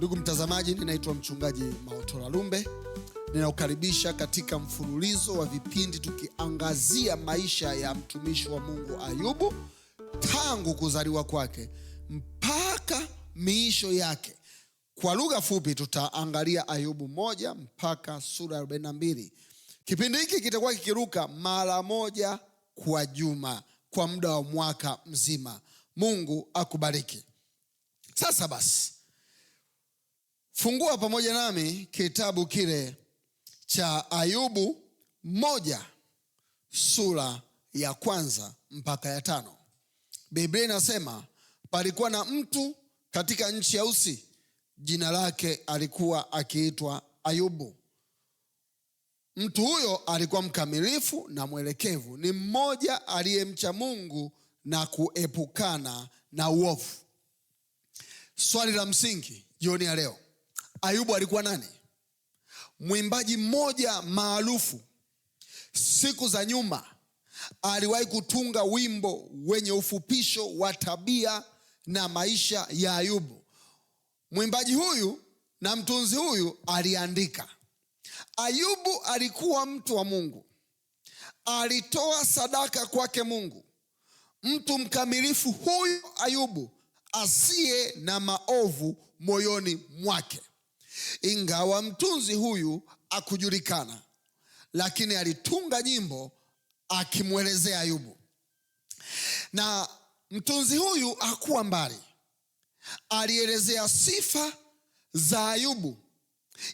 Ndugu mtazamaji, ninaitwa mchungaji Maotola Lumbe. ninaokaribisha katika mfululizo wa vipindi tukiangazia maisha ya mtumishi wa Mungu Ayubu tangu kuzaliwa kwake mpaka miisho yake. Kwa lugha fupi, tutaangalia Ayubu moja mpaka sura ya 42. Kipindi hiki kitakuwa kikiruka mara moja kwa juma kwa muda wa mwaka mzima. Mungu akubariki. Sasa basi Fungua pamoja nami kitabu kile cha Ayubu moja sura ya kwanza mpaka ya tano. Biblia inasema palikuwa na mtu katika nchi ya Usi, jina lake alikuwa akiitwa Ayubu. Mtu huyo alikuwa mkamilifu na mwelekevu, ni mmoja aliyemcha Mungu na kuepukana na uovu. Swali la msingi jioni ya leo Ayubu alikuwa nani? Mwimbaji mmoja maarufu siku za nyuma aliwahi kutunga wimbo wenye ufupisho wa tabia na maisha ya Ayubu. Mwimbaji huyu na mtunzi huyu aliandika, Ayubu alikuwa mtu wa Mungu, alitoa sadaka kwake Mungu, mtu mkamilifu huyu Ayubu asiye na maovu moyoni mwake. Ingawa mtunzi huyu akujulikana, lakini alitunga nyimbo akimwelezea Ayubu, na mtunzi huyu akuwa mbali, alielezea sifa za Ayubu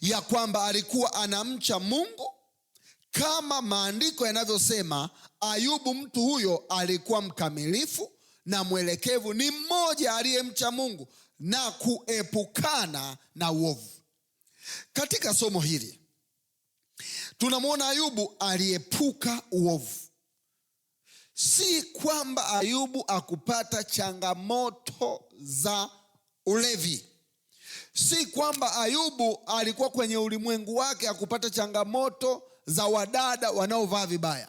ya kwamba alikuwa anamcha Mungu kama maandiko yanavyosema. Ayubu mtu huyo alikuwa mkamilifu na mwelekevu, ni mmoja aliyemcha Mungu na kuepukana na uovu. Katika somo hili tunamwona Ayubu aliepuka uovu. Si kwamba Ayubu akupata changamoto za ulevi, si kwamba Ayubu alikuwa kwenye ulimwengu wake akupata changamoto za wadada wanaovaa vibaya,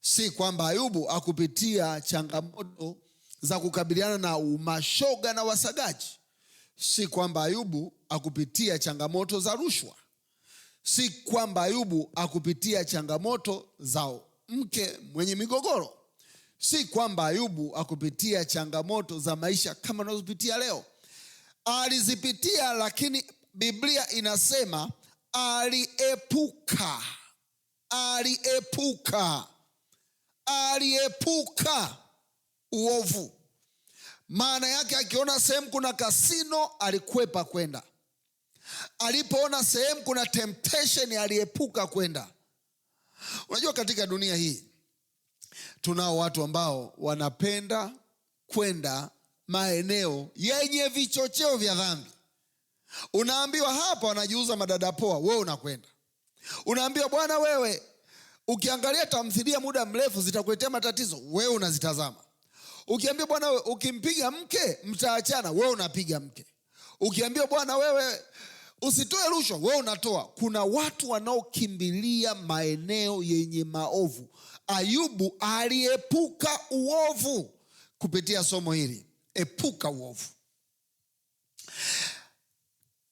si kwamba Ayubu akupitia changamoto za kukabiliana na umashoga na wasagaji, si kwamba Ayubu akupitia changamoto za rushwa, si kwamba Ayubu akupitia changamoto za mke mwenye migogoro, si kwamba Ayubu akupitia changamoto za maisha kama unazopitia leo. Alizipitia, lakini Biblia inasema aliepuka, aliepuka, aliepuka uovu. Maana yake akiona sehemu kuna kasino, alikwepa kwenda alipoona sehemu kuna temptation aliepuka kwenda. Unajua, katika dunia hii tunao watu ambao wanapenda kwenda maeneo yenye vichocheo vya dhambi. Unaambiwa hapa wanajiuza madada poa, wewe unakwenda. Unaambiwa bwana, wewe ukiangalia tamthilia muda mrefu zitakuletea matatizo, wewe unazitazama. ukiambia bwana, wewe ukimpiga mke mtaachana, wewe unapiga mke. Ukiambiwa bwana, wewe Usitoe rushwa, wewe unatoa. Kuna watu wanaokimbilia maeneo yenye maovu. Ayubu aliepuka uovu kupitia somo hili, epuka uovu.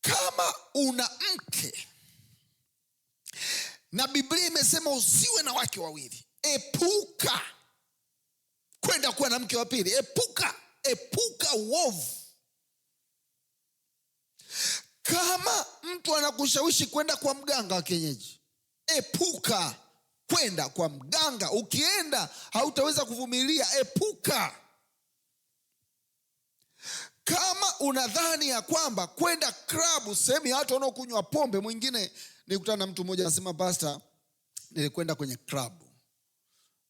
Kama una mke na Biblia imesema usiwe na wake wawili, epuka kwenda kuwa na mke wa pili, epuka, epuka uovu kama mtu anakushawishi kwenda kwa mganga wa kienyeji, epuka kwenda kwa mganga. Ukienda hautaweza kuvumilia, epuka. Kama unadhani ya kwamba kwenda klabu, sehemu ya watu wanaokunywa pombe. Mwingine nilikutana na mtu mmoja anasema, pasta, nilikwenda kwenye klabu.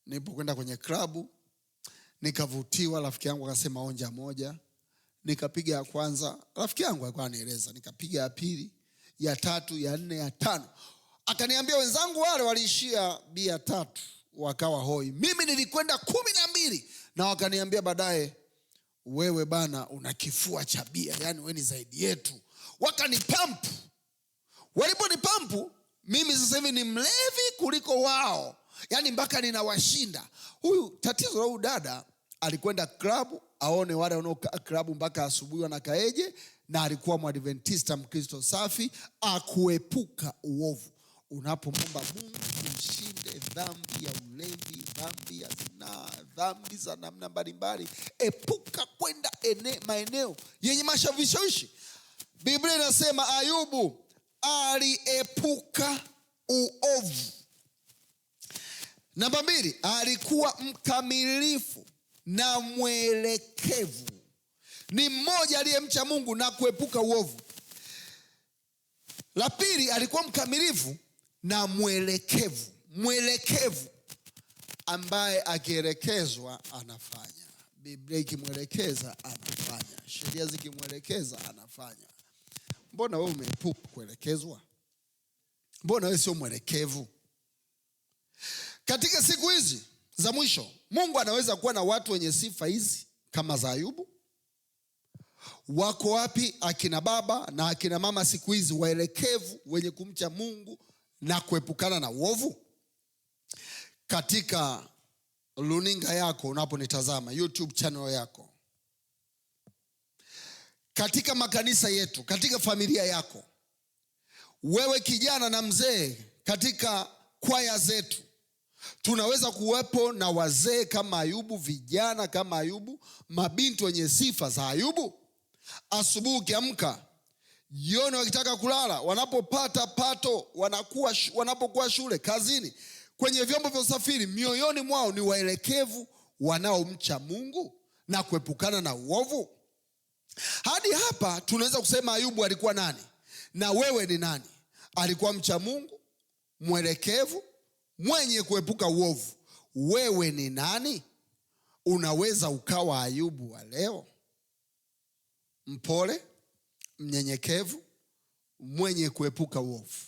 Nilipokwenda kwenye klabu nikavutiwa, rafiki yangu akasema onja moja nikapiga ya kwanza, rafiki yangu alikuwa anaeleza, nikapiga ya pili, ya tatu, ya nne, ya tano. Akaniambia wenzangu wale waliishia bia tatu wakawa hoi, mimi nilikwenda kumi na mbili na wakaniambia baadaye, wewe bana una kifua cha bia, yani weni zaidi yetu. Wakanipampu, pampu mimi sasa hivi ni mlevi kuliko wao, yani mpaka ninawashinda. Huyu tatizo la huyu dada alikwenda klabu aone wale wanaokaa klabu mpaka asubuhi wanakaeje, na alikuwa mwadventista mkristo safi, akuepuka uovu. Unapomwomba Mungu mshinde dhambi ya ulevi, dhambi ya zinaa, dhambi za namna mbalimbali, epuka kwenda ene, maeneo yenye mashawishawishi. Biblia inasema Ayubu aliepuka uovu. Namba mbili, alikuwa mkamilifu na mwelekevu, ni mmoja aliyemcha Mungu na kuepuka uovu. La pili, alikuwa mkamilifu na mwelekevu, mwelekevu ambaye akielekezwa anafanya, Biblia ikimwelekeza anafanya, sheria zikimwelekeza anafanya. Mbona we umeepuka kuelekezwa? Mbona we sio mwelekevu katika siku hizi? za mwisho. Mungu anaweza kuwa na watu wenye sifa hizi kama za Ayubu? Wako wapi akina baba na akina mama siku hizi waelekevu, wenye kumcha Mungu na kuepukana na uovu? Katika luninga yako unaponitazama, YouTube channel yako, katika makanisa yetu, katika familia yako, wewe kijana na mzee, katika kwaya zetu Tunaweza kuwepo na wazee kama Ayubu, vijana kama Ayubu, mabinti wenye sifa za Ayubu. Asubuhi ukiamka, jioni wakitaka kulala, wanapopata pato, wanakuwa wanapokuwa shule, kazini, kwenye vyombo vya usafiri, mioyoni mwao ni waelekevu, wanaomcha Mungu na kuepukana na uovu. Hadi hapa tunaweza kusema Ayubu alikuwa nani na wewe ni nani? Alikuwa mcha Mungu, mwelekevu mwenye kuepuka uovu, wewe ni nani? Unaweza ukawa Ayubu wa leo, mpole, mnyenyekevu, mwenye kuepuka uovu.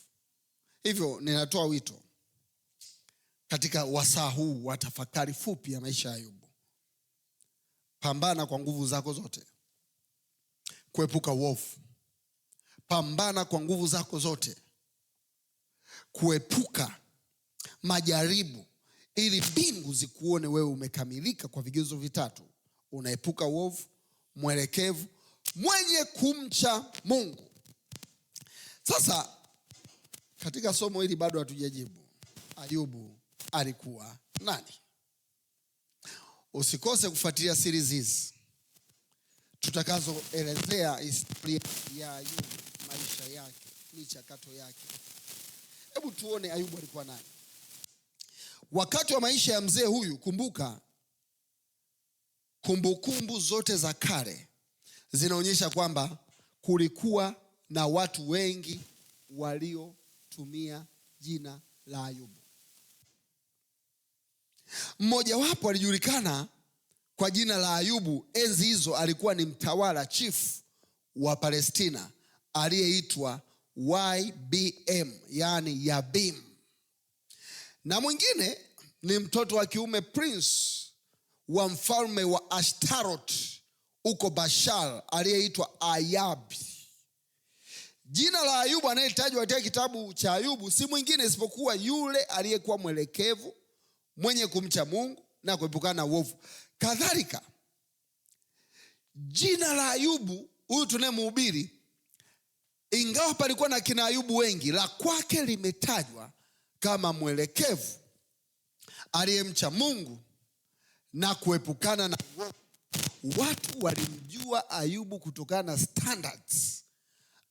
Hivyo ninatoa wito katika wasaa huu wa tafakari fupi ya maisha ya Ayubu, pambana kwa nguvu zako zote kuepuka uovu. Pambana kwa nguvu zako zote kuepuka majaribu, ili mbingu zikuone wewe umekamilika kwa vigezo vitatu: unaepuka uovu, mwelekevu, mwenye kumcha Mungu. Sasa katika somo hili bado hatujajibu Ayubu alikuwa nani. Usikose kufuatilia series hizi tutakazoelezea historia ya Ayubu, maisha yake, michakato yake. Hebu tuone Ayubu alikuwa nani. Wakati wa maisha ya mzee huyu, kumbuka, kumbukumbu zote za kale zinaonyesha kwamba kulikuwa na watu wengi waliotumia jina la Ayubu. Mmojawapo alijulikana kwa jina la Ayubu. Enzi hizo alikuwa ni mtawala chifu wa Palestina aliyeitwa YBM, yaani Yabim na mwingine ni mtoto wa kiume prince wa mfalme wa Ashtarot huko Bashar aliyeitwa Ayabi. Jina la Ayubu anayetajwa katika kitabu cha Ayubu si mwingine isipokuwa yule aliyekuwa mwelekevu, mwenye kumcha Mungu na kuepukana na uovu. Kadhalika, jina la Ayubu huyu tunayemhubiri, ingawa palikuwa na kina Ayubu wengi, la kwake limetajwa kama mwelekevu aliyemcha Mungu na kuepukana na uovu. Watu walimjua Ayubu kutokana na standards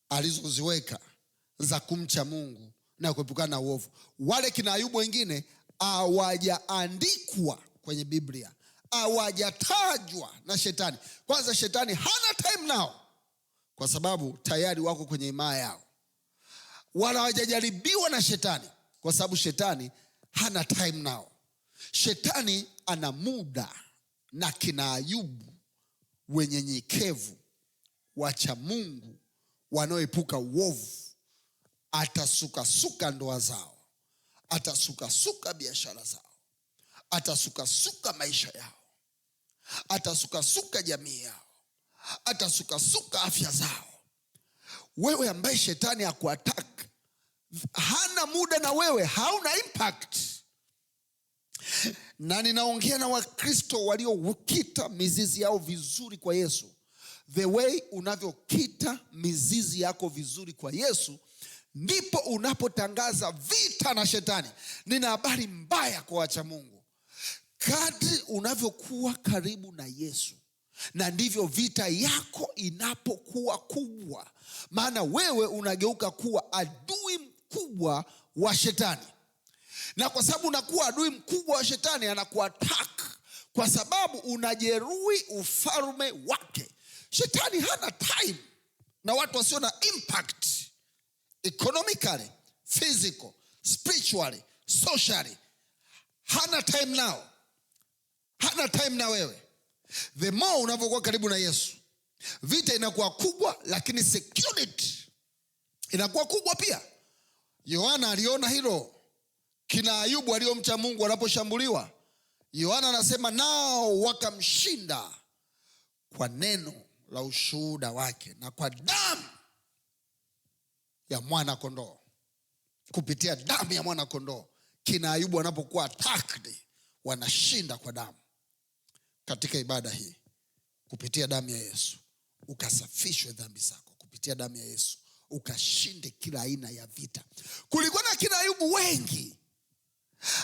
alizoziweka za kumcha Mungu na kuepukana na uovu. Wale kina Ayubu wengine hawajaandikwa kwenye Biblia, hawajatajwa na Shetani. Kwanza Shetani hana time nao, kwa sababu tayari wako kwenye imaa yao, wala hawajajaribiwa na Shetani kwa sababu shetani hana time nao. Shetani ana muda na kina Ayubu, wenyenyekevu, wacha Mungu, wanaoepuka uovu. Atasukasuka ndoa zao, atasukasuka biashara zao, atasukasuka maisha yao, atasukasuka jamii yao, atasukasuka afya zao. Wewe ambaye shetani akuatak hana muda na wewe hauna impact na ninaongea na wakristo waliokita mizizi yao vizuri kwa yesu the way unavyokita mizizi yako vizuri kwa yesu ndipo unapotangaza vita na shetani nina habari mbaya kwa wacha mungu kadri unavyokuwa karibu na yesu na ndivyo vita yako inapokuwa kubwa maana wewe unageuka kuwa adui mkubwa wa shetani, na kwa sababu unakuwa adui mkubwa wa shetani, anakuatak kwa sababu unajeruhi ufalme wake. Shetani hana time na watu wasio na impact economically, physical, spiritually, socially. Hana time nao, hana time na wewe. The more unavyokuwa karibu na Yesu, vita inakuwa kubwa, lakini security inakuwa kubwa pia. Yohana aliona hilo, kina Ayubu aliyomcha Mungu anaposhambuliwa Yohana anasema nao wakamshinda kwa neno la ushuhuda wake na kwa damu ya mwana kondoo. Kupitia damu ya mwana kondoo, kina Ayubu wanapokuwa takdi wanashinda kwa damu. Katika ibada hii, kupitia damu ya Yesu ukasafishwe dhambi zako, kupitia damu ya Yesu ukashinde kila aina ya vita. Kulikuwa na kina Ayubu wengi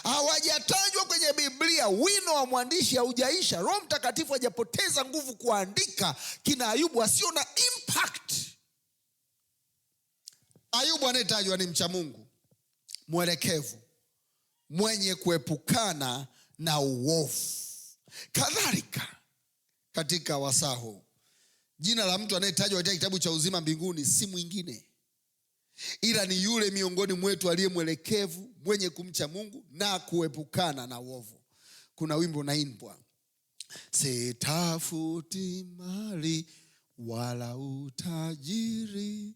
hawajatajwa kwenye Biblia. Wino wa mwandishi haujaisha, Roho Mtakatifu hajapoteza nguvu kuandika kina Ayubu asio na impact. Ayubu anayetajwa ni mcha Mungu, mwelekevu, mwenye kuepukana na uovu. Kadhalika katika wasahu Jina la mtu anayetajwa katika kitabu cha uzima mbinguni si mwingine ila ni yule miongoni mwetu aliye mwelekevu, mwenye kumcha Mungu na kuepukana na uovu. Kuna wimbo naimbwa sitafuti mali wala utajiri,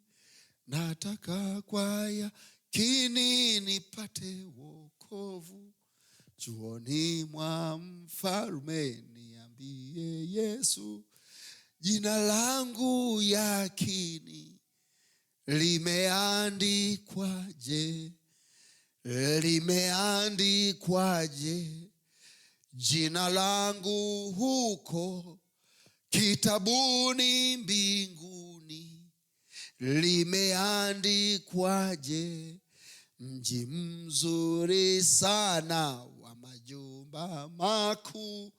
nataka kwaya kini nipate wokovu, chuoni mwa mfalme niambie Yesu jina langu yakini limeandikwaje, limeandikwaje jina langu huko kitabuni mbinguni, limeandikwaje? Mji mzuri sana wa majumba makuu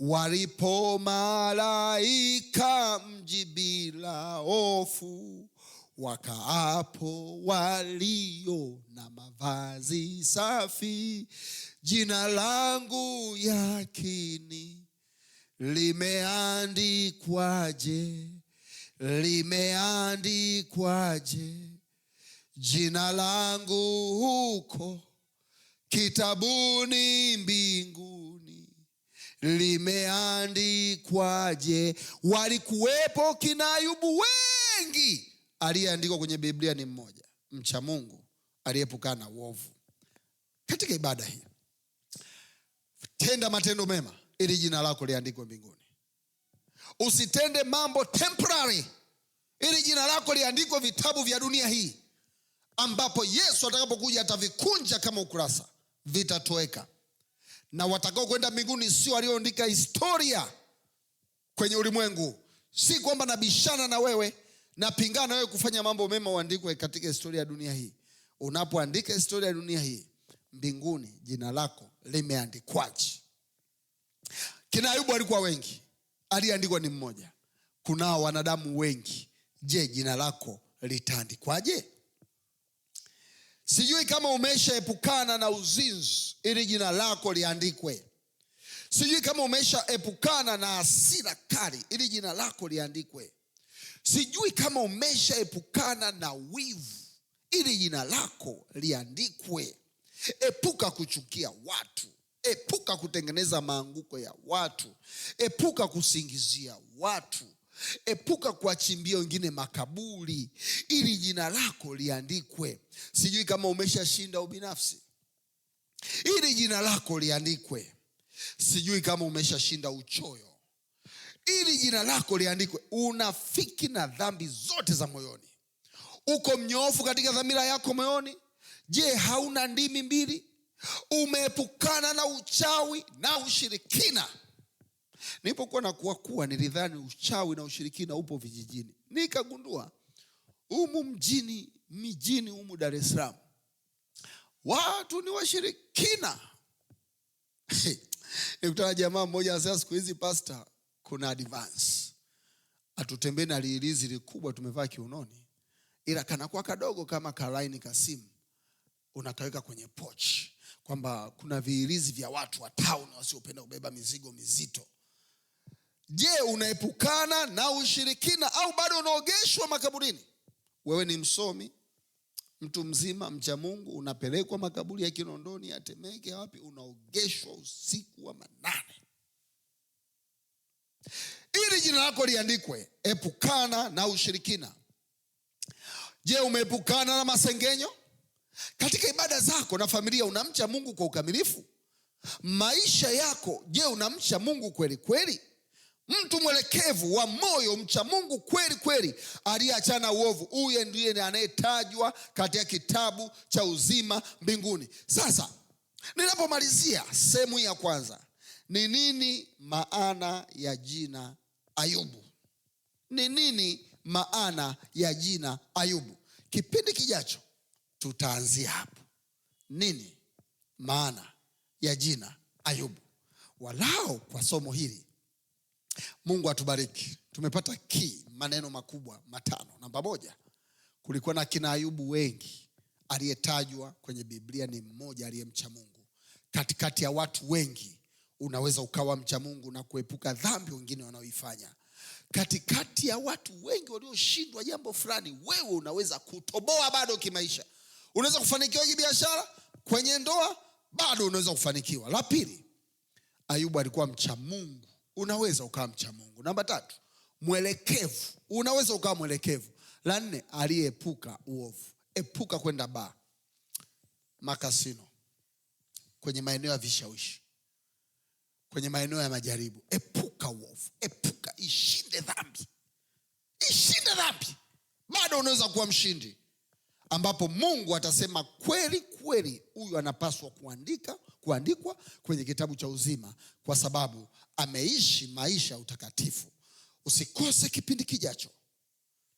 Walipo malaika mji bila hofu, wakaapo walio na mavazi safi, jina langu yakini limeandikwaje, limeandikwaje jina langu huko kitabuni mbingu limeandikwaje? Walikuwepo kina Ayubu wengi, aliyeandikwa kwenye Biblia ni mmoja, mcha Mungu aliyepukana na uovu. Katika ibada hii, tenda matendo mema ili jina lako liandikwe mbinguni. Usitende mambo temporary ili jina lako liandikwe vitabu vya dunia hii, ambapo Yesu atakapokuja atavikunja kama ukurasa, vitatoweka na watakao kwenda mbinguni sio walioandika historia kwenye ulimwengu. Si kwamba nabishana na wewe, napingana na wewe kufanya mambo mema uandikwe katika historia ya dunia hii. Unapoandika historia ya dunia hii, mbinguni jina lako limeandikwaje? Kina Ayubu alikuwa wengi, aliyeandikwa ni mmoja. Kunao wanadamu wengi, je, jina lako litaandikwaje? Sijui kama umeshaepukana na uzinzi ili jina lako liandikwe. Sijui kama umeshaepukana na asira kali ili jina lako liandikwe. Sijui kama umeshaepukana na wivu ili jina lako liandikwe. Epuka kuchukia watu, epuka kutengeneza maanguko ya watu, epuka kusingizia watu Epuka kuwachimbia wengine makaburi ili jina lako liandikwe. Sijui kama umeshashinda ubinafsi ili jina lako liandikwe. Sijui kama umeshashinda uchoyo ili jina lako liandikwe. Unafiki na dhambi zote za moyoni, uko mnyoofu katika dhamira yako moyoni. Je, hauna ndimi mbili? Umeepukana na uchawi na ushirikina Nilipokuwa na kuwakua nilidhani uchawi na ushirikina upo vijijini, nikagundua umu mjini, mijini umu Dar es Salaam watu ni washirikina. Nikutana jamaa mmoja anasema, siku hizi pasta, kuna advance atutembee na liilizi likubwa tumevaa kiunoni, ila kanakuwa kadogo kama kalaini kasimu, unakaweka kwenye pochi, kwamba kuna viilizi vya watu wa tauni wasiopenda kubeba mizigo mizito Je, unaepukana na ushirikina au bado unaogeshwa makaburini? Wewe ni msomi, mtu mzima, mcha Mungu, unapelekwa makaburi ya Kinondoni, ya wapi? Unaogeshwa usiku wa manane ili jina lako liandikwe. Epukana na ushirikina. Je, umeepukana na masengenyo katika ibada zako na familia? Unamcha Mungu kwa ukamilifu? Maisha yako, je, unamcha Mungu kweli kweli? Mtu mwelekevu wa moyo mcha Mungu kweli kweli, aliyeachana uovu, huye ndiye anayetajwa katika kitabu cha uzima mbinguni. Sasa ninapomalizia sehemu hii ya kwanza, ni nini maana ya jina Ayubu? Ni nini maana ya jina Ayubu? Kipindi kijacho tutaanzia hapo, nini maana ya jina Ayubu, walao kwa somo hili Mungu atubariki. Tumepata kii maneno makubwa matano. Namba moja, kulikuwa na kina Ayubu wengi, aliyetajwa kwenye Biblia ni mmoja aliyemcha Mungu. Katikati ya watu wengi unaweza ukawa mcha Mungu na kuepuka dhambi wengine wanaoifanya. Katikati ya watu wengi walioshindwa jambo fulani, wewe unaweza kutoboa bado kimaisha, unaweza kufanikiwa kibiashara, kwenye ndoa bado unaweza kufanikiwa. La pili, Ayubu alikuwa mcha Mungu unaweza ukawa mcha Mungu. Namba tatu, mwelekevu, unaweza ukawa mwelekevu. La nne, aliyeepuka uovu. Epuka kwenda ba makasino, kwenye maeneo ya vishawishi, kwenye maeneo ya majaribu. Epuka uovu, epuka, ishinde dhambi, ishinde dhambi. Bado unaweza kuwa mshindi, ambapo Mungu atasema kweli kweli, huyu anapaswa kuandika kuandikwa kwenye kitabu cha uzima, kwa sababu ameishi maisha ya utakatifu. Usikose kipindi kijacho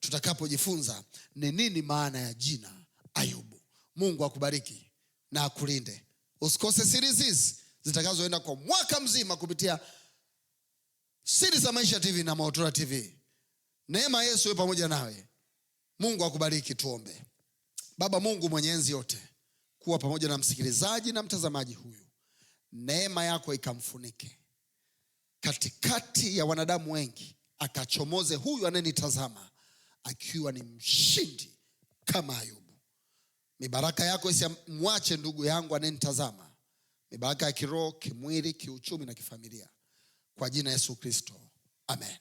tutakapojifunza ni nini maana ya jina Ayubu. Mungu akubariki na akulinde. Usikose siri hizi zitakazoenda kwa mwaka mzima kupitia Siri za Maisha TV na maotora TV. Neema Yesu iwe pamoja nawe. Mungu akubariki. Tuombe. Baba Mungu mwenye enzi yote, kuwa pamoja na msikilizaji na mtazamaji huyu, neema yako ikamfunike katikati ya wanadamu wengi, akachomoze huyu anayenitazama akiwa ni mshindi kama Ayubu. Mibaraka yako isimwache ndugu yangu anayenitazama, mibaraka ya kiroho, kimwili, kiuchumi na kifamilia, kwa jina Yesu Kristo, amen.